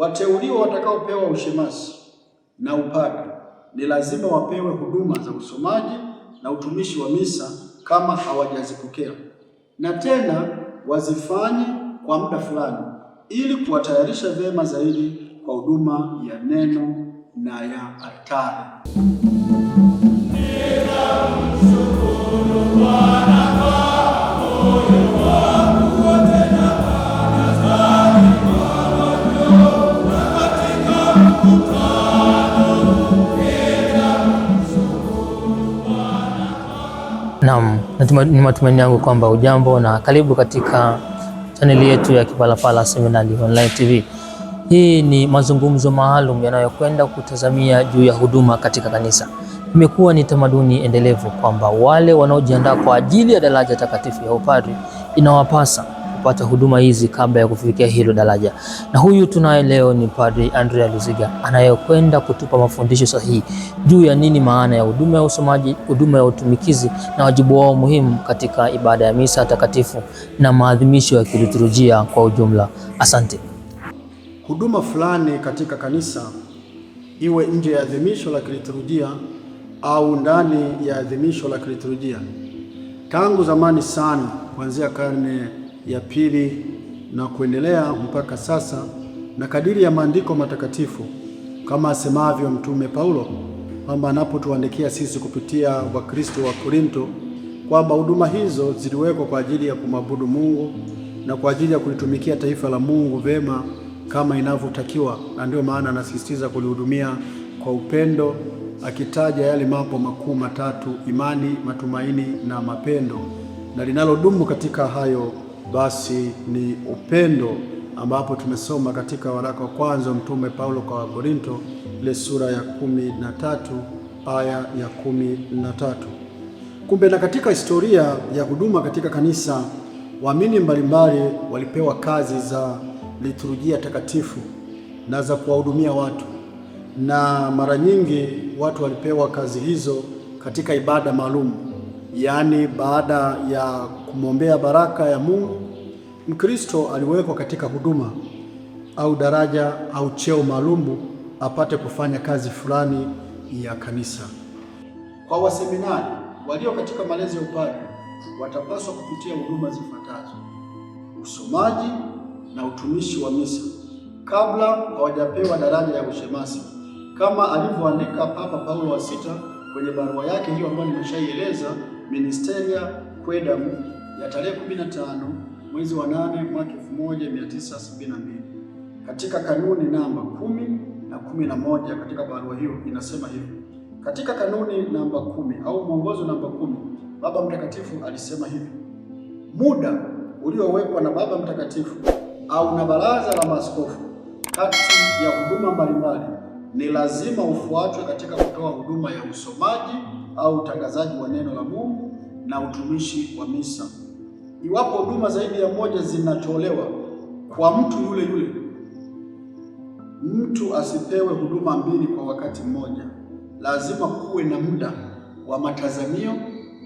Wateuliwa watakaopewa ushemasi na upadre ni lazima wapewe huduma za usomaji na utumishi wa misa kama hawajazipokea, na tena wazifanye kwa muda fulani ili kuwatayarisha vyema zaidi kwa huduma ya neno na ya altare. Naam, ni matumaini yangu kwamba ujambo na karibu katika chaneli yetu ya Kipalapala Seminari Online TV. Hii ni mazungumzo maalum yanayokwenda kutazamia juu ya huduma katika kanisa. Imekuwa ni tamaduni endelevu kwamba wale wanaojiandaa kwa ajili ya daraja takatifu ya upadri inawapasa kupata huduma hizi kabla ya kufikia hilo daraja. Na huyu tunaye leo ni Padre Andrea Luziga anayekwenda kutupa mafundisho sahihi juu ya nini maana ya huduma ya usomaji, huduma ya utumikizi na wajibu wao muhimu katika ibada ya misa takatifu na maadhimisho ya kiliturujia kwa ujumla. Asante. Huduma fulani katika kanisa iwe nje ya adhimisho la kiliturujia au ndani ya adhimisho la kiliturujia, tangu zamani sana, kuanzia karne ya pili na kuendelea mpaka sasa, na kadiri ya maandiko matakatifu kama asemavyo Mtume Paulo kwamba anapotuandikia sisi kupitia Wakristo wa Korinto kwamba huduma hizo ziliwekwa kwa ajili ya kumwabudu Mungu na kwa ajili ya kulitumikia taifa la Mungu vema kama inavyotakiwa, na ndio maana anasisitiza kulihudumia kwa upendo, akitaja yale mambo makuu matatu: imani, matumaini na mapendo, na linalodumu katika hayo basi ni upendo, ambapo tumesoma katika waraka wa kwanza Mtume Paulo kwa Wakorinto ile sura ya kumi na tatu aya ya kumi na tatu. Kumbe na katika historia ya huduma katika kanisa, waamini mbalimbali walipewa kazi za liturujia takatifu na za kuwahudumia watu, na mara nyingi watu walipewa kazi hizo katika ibada maalum yaani baada ya kumwombea baraka ya Mungu, Mkristo aliwekwa katika huduma au daraja au cheo maalumu apate kufanya kazi fulani ya kanisa. Kwa waseminari walio katika malezi ya upadre watapaswa kupitia huduma zifuatazo: usomaji na utumishi wa misa kabla hawajapewa daraja ya ushemasi, kama alivyoandika Papa Paulo wa sita kwenye barua yake hiyo ambayo nimeshaieleza. Ministeria Quaedam ya tarehe 15 mwezi wa 8 mwaka 1972. Katika kanuni namba 10 na 11 na katika barua hiyo inasema hivi: katika kanuni namba 10 au mwongozo namba 10 Baba Mtakatifu alisema hivi: muda uliowekwa na Baba Mtakatifu au na Baraza la Maaskofu kati ya huduma mbalimbali ni lazima ufuatwe katika kutoa huduma ya usomaji au utangazaji wa neno la Mungu na utumishi wa misa. Iwapo huduma zaidi ya moja zinatolewa kwa mtu yule yule, mtu asipewe huduma mbili kwa wakati mmoja. Lazima kuwe na muda wa matazamio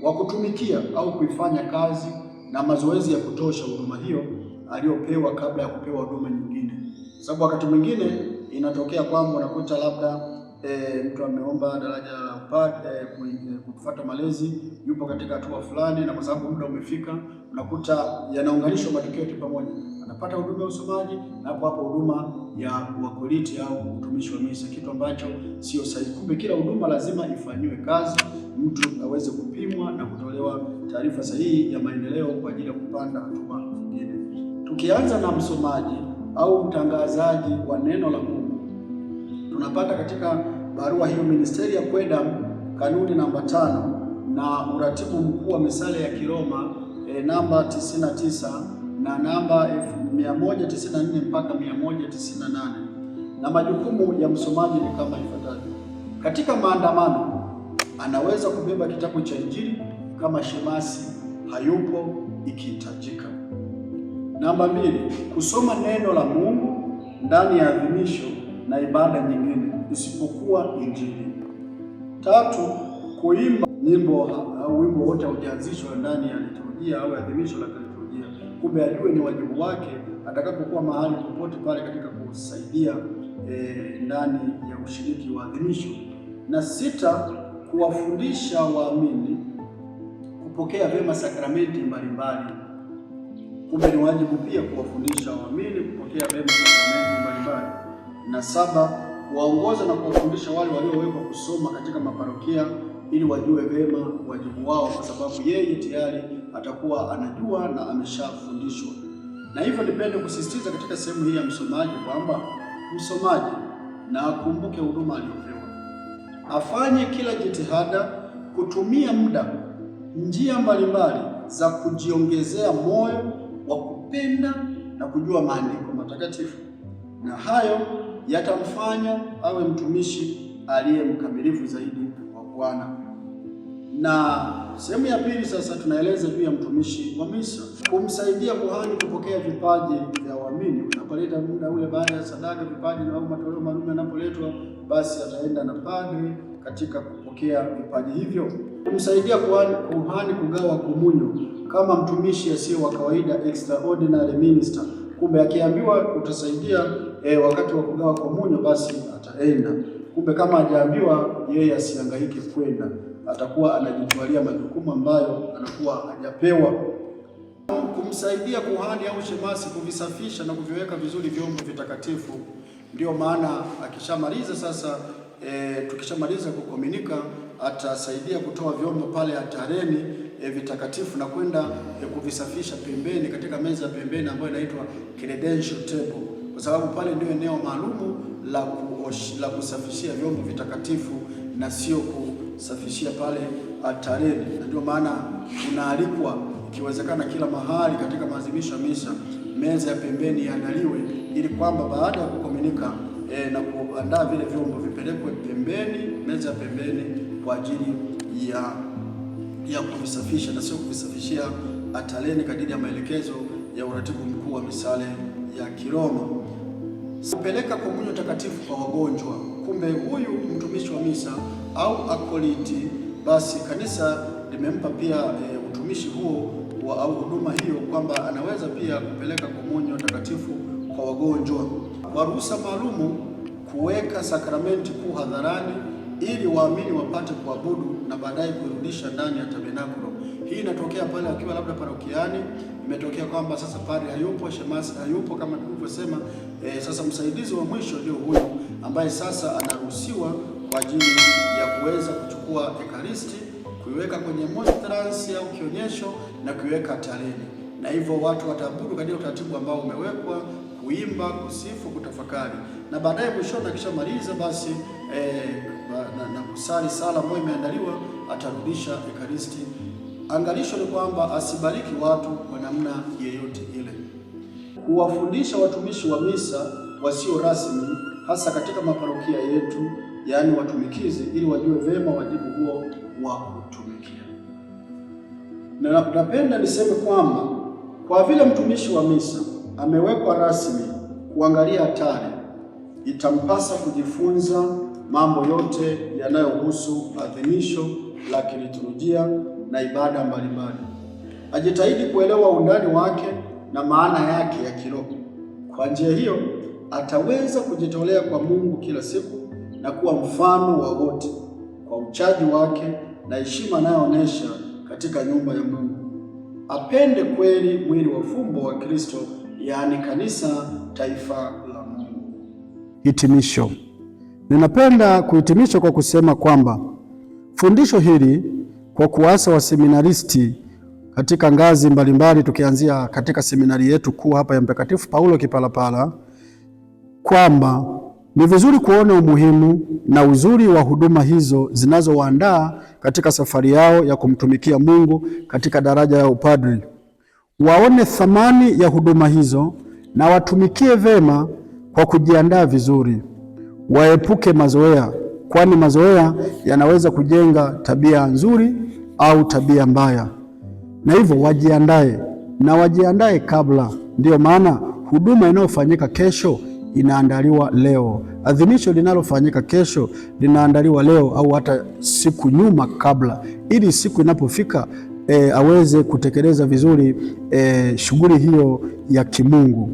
wa kutumikia au kuifanya kazi na mazoezi ya kutosha huduma hiyo aliyopewa kabla ya kupewa huduma nyingine, sababu wakati mwingine Inatokea kwamba unakuta labda e, mtu ameomba daraja la upate eh, kufuata eh, malezi, yupo katika hatua fulani, na kwa sababu muda umefika, unakuta yanaunganishwa matukio yote pamoja, anapata huduma ya usomaji na hapo hapo huduma ya wakoliti au utumishi wa misa, kitu ambacho sio sahihi. Kumbe kila huduma lazima ifanyiwe kazi, mtu aweze kupimwa na kutolewa taarifa sahihi ya maendeleo kwa ajili ya kupanda hatua nyingine. Tukianza na msomaji au mtangazaji wa neno la tunapata katika barua hiyo ministeri ya kwenda kanuni namba tano na uratibu mkuu wa misale ya Kiroma e, namba 99 na namba 194 mpaka 198, na majukumu ya msomaji ni kama ifuatavyo. Katika maandamano anaweza kubeba kitabu cha Injili kama shemasi hayupo ikihitajika. Namba mbili, kusoma neno la Mungu ndani ya adhimisho na ibada nyingine isipokuwa Injili. Tatu, kuimba nyimbo au wimbo wote haujaanzishwa ndani ya liturujia au adhimisho la liturujia, kumbe ajue ni wajibu wake atakapokuwa mahali popote pale katika kusaidia e, ndani ya ushiriki wa adhimisho. Na sita, kuwafundisha waamini kupokea vyema sakramenti mbalimbali, kumbe ni wajibu pia kuwafundisha waamini kupokea vyema sakramenti mbalimbali na saba waongoza na kuwafundisha wale waliowekwa kusoma katika maparokia ili wajue vyema wajibu wao, kwa sababu yeye tayari atakuwa anajua na ameshafundishwa. Na hivyo nipende kusisitiza katika sehemu hii ya msomaji kwamba msomaji na akumbuke huduma aliyopewa, afanye kila jitihada kutumia muda, njia mbalimbali za kujiongezea moyo wa kupenda na kujua maandiko matakatifu, na hayo yatamfanya awe mtumishi aliye mkamilifu zaidi wa Bwana. Na sehemu ya pili sasa tunaeleza juu ya mtumishi wa misa, kumsaidia kuhani kupokea vipaji vya waamini. Unapoleta muda ule baada ya sadaka, vipaji na matoleo maalum yanapoletwa, basi ataenda na padri katika kupokea vipaji hivyo. Kumsaidia kuhani, kuhani kugawa komunyo kama mtumishi asiye wa kawaida, extraordinary minister. Kumbe akiambiwa utasaidia e, wakati wa kugawa komunyo basi ataenda. Kumbe kama hajaambiwa yeye asihangaike kwenda, atakuwa anajitwalia majukumu ambayo anakuwa hajapewa. Kumsaidia kuhani au shemasi kuvisafisha na kuviweka vizuri vyombo vitakatifu, ndio maana akishamaliza sasa E, tukishamaliza kukomunika atasaidia kutoa vyombo pale atareni e, vitakatifu na kwenda e, kuvisafisha pembeni katika meza ya pembeni ambayo inaitwa credential table kwa sababu pale ndio eneo maalumu la, la kusafishia vyombo vitakatifu na sio kusafishia pale altareni, ah, na ndio maana unaalikwa ikiwezekana kila mahali katika maadhimisho ya misa meza ya pembeni iandaliwe ili kwamba baada ya kukomunika e, na kuandaa vile vyombo vipelekwe pembeni, meza ya pembeni kwa ajili ya ya kuvisafisha na sio kuvisafishia altareni ah, kadiri ya maelekezo ya uratibu mkuu wa misale ya Kiroma sipeleka komunyo takatifu kwa wagonjwa. Kumbe huyu mtumishi wa misa au akoliti, basi kanisa limempa pia e, utumishi huo wa, au huduma hiyo kwamba anaweza pia kupeleka komunyo takatifu kwa wagonjwa. ruhusa maalumu kuweka sakramenti kuu hadharani ili waamini wapate kuabudu na baadaye kurudisha ndani ya tabernakulo. Hii inatokea pale akiwa labda parokiani, imetokea kwamba sasa pale hayupo, shemasi hayupo kama tulivyosema. E, sasa msaidizi wa mwisho ndio huyu ambaye sasa anaruhusiwa kwa ajili ya kuweza kuchukua ekaristi, kuiweka kwenye monstrance au kionyesho na kuiweka tareni na hivyo watu wataabudu katika utaratibu ambao umewekwa kuimba, kusifu, kutafakari na baadaye mwisho, akishamaliza basi eh, na, na kusali sala ambayo imeandaliwa atarudisha Ekaristi. Angalisho ni kwamba asibariki watu kwa namna yeyote ile. Kuwafundisha watumishi wa misa wasio rasmi, hasa katika maparokia yetu, yaani watumikizi, ili wajue vema wajibu huo wa kutumikia. Na napenda niseme kwamba kwa vile mtumishi wa misa amewekwa rasmi kuangalia hatari, itampasa kujifunza mambo yote yanayohusu adhimisho la kiliturujia na ibada mbalimbali. Ajitahidi kuelewa undani wake na maana yake ya kiroho. Kwa njia hiyo ataweza kujitolea kwa Mungu kila siku na kuwa mfano wa wote kwa uchaji wake na heshima anayoonyesha katika nyumba ya Mungu. Apende kweli mwili wa fumbo wa Kristo, yaani kanisa, taifa la Mungu. Hitimisho. Ninapenda kuhitimisha kwa kusema kwamba fundisho hili kwa kuasa waseminaristi katika ngazi mbalimbali, tukianzia katika seminari yetu kuu hapa ya Mtakatifu Paulo Kipalapala, kwamba ni vizuri kuona umuhimu na uzuri wa huduma hizo zinazowaandaa katika safari yao ya kumtumikia Mungu katika daraja ya upadri. Waone thamani ya huduma hizo na watumikie vema kwa kujiandaa vizuri. Waepuke mazoea, kwani mazoea yanaweza kujenga tabia nzuri au tabia mbaya, na hivyo wajiandae na wajiandae kabla. Ndiyo maana huduma inayofanyika kesho inaandaliwa leo, adhimisho linalofanyika kesho linaandaliwa leo au hata siku nyuma kabla, ili siku inapofika e, aweze kutekeleza vizuri e, shughuli hiyo ya kimungu.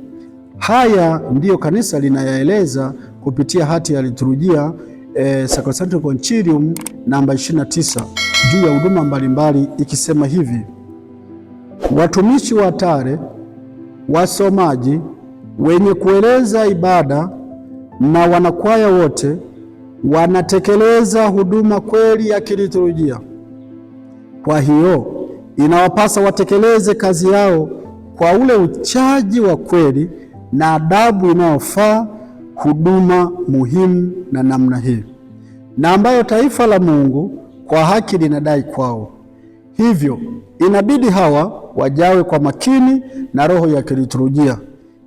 Haya ndiyo kanisa linayaeleza kupitia hati ya liturujia e, eh, Sacrosanctum Concilium namba 29 juu ya huduma mbalimbali ikisema hivi: watumishi wa tare wasomaji, wenye kueleza ibada na wanakwaya wote wanatekeleza huduma kweli ya kiliturujia. Kwa hiyo inawapasa watekeleze kazi yao kwa ule uchaji wa kweli na adabu inayofaa huduma muhimu na namna hii, na ambayo taifa la Mungu kwa haki linadai kwao. Hivyo inabidi hawa wajawe kwa makini na roho ya kiliturujia,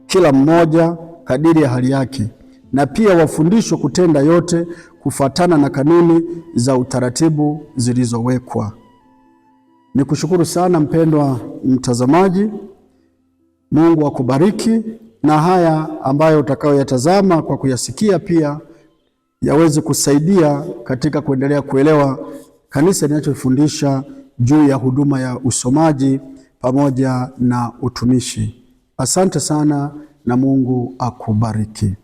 kila mmoja kadiri ya hali yake, na pia wafundishwe kutenda yote kufuatana na kanuni za utaratibu zilizowekwa. Nikushukuru sana mpendwa mtazamaji, Mungu akubariki na haya ambayo utakayoyatazama kwa kuyasikia pia yaweze kusaidia katika kuendelea kuelewa kanisa linachofundisha juu ya huduma ya usomaji pamoja na utumishi. Asante sana na Mungu akubariki.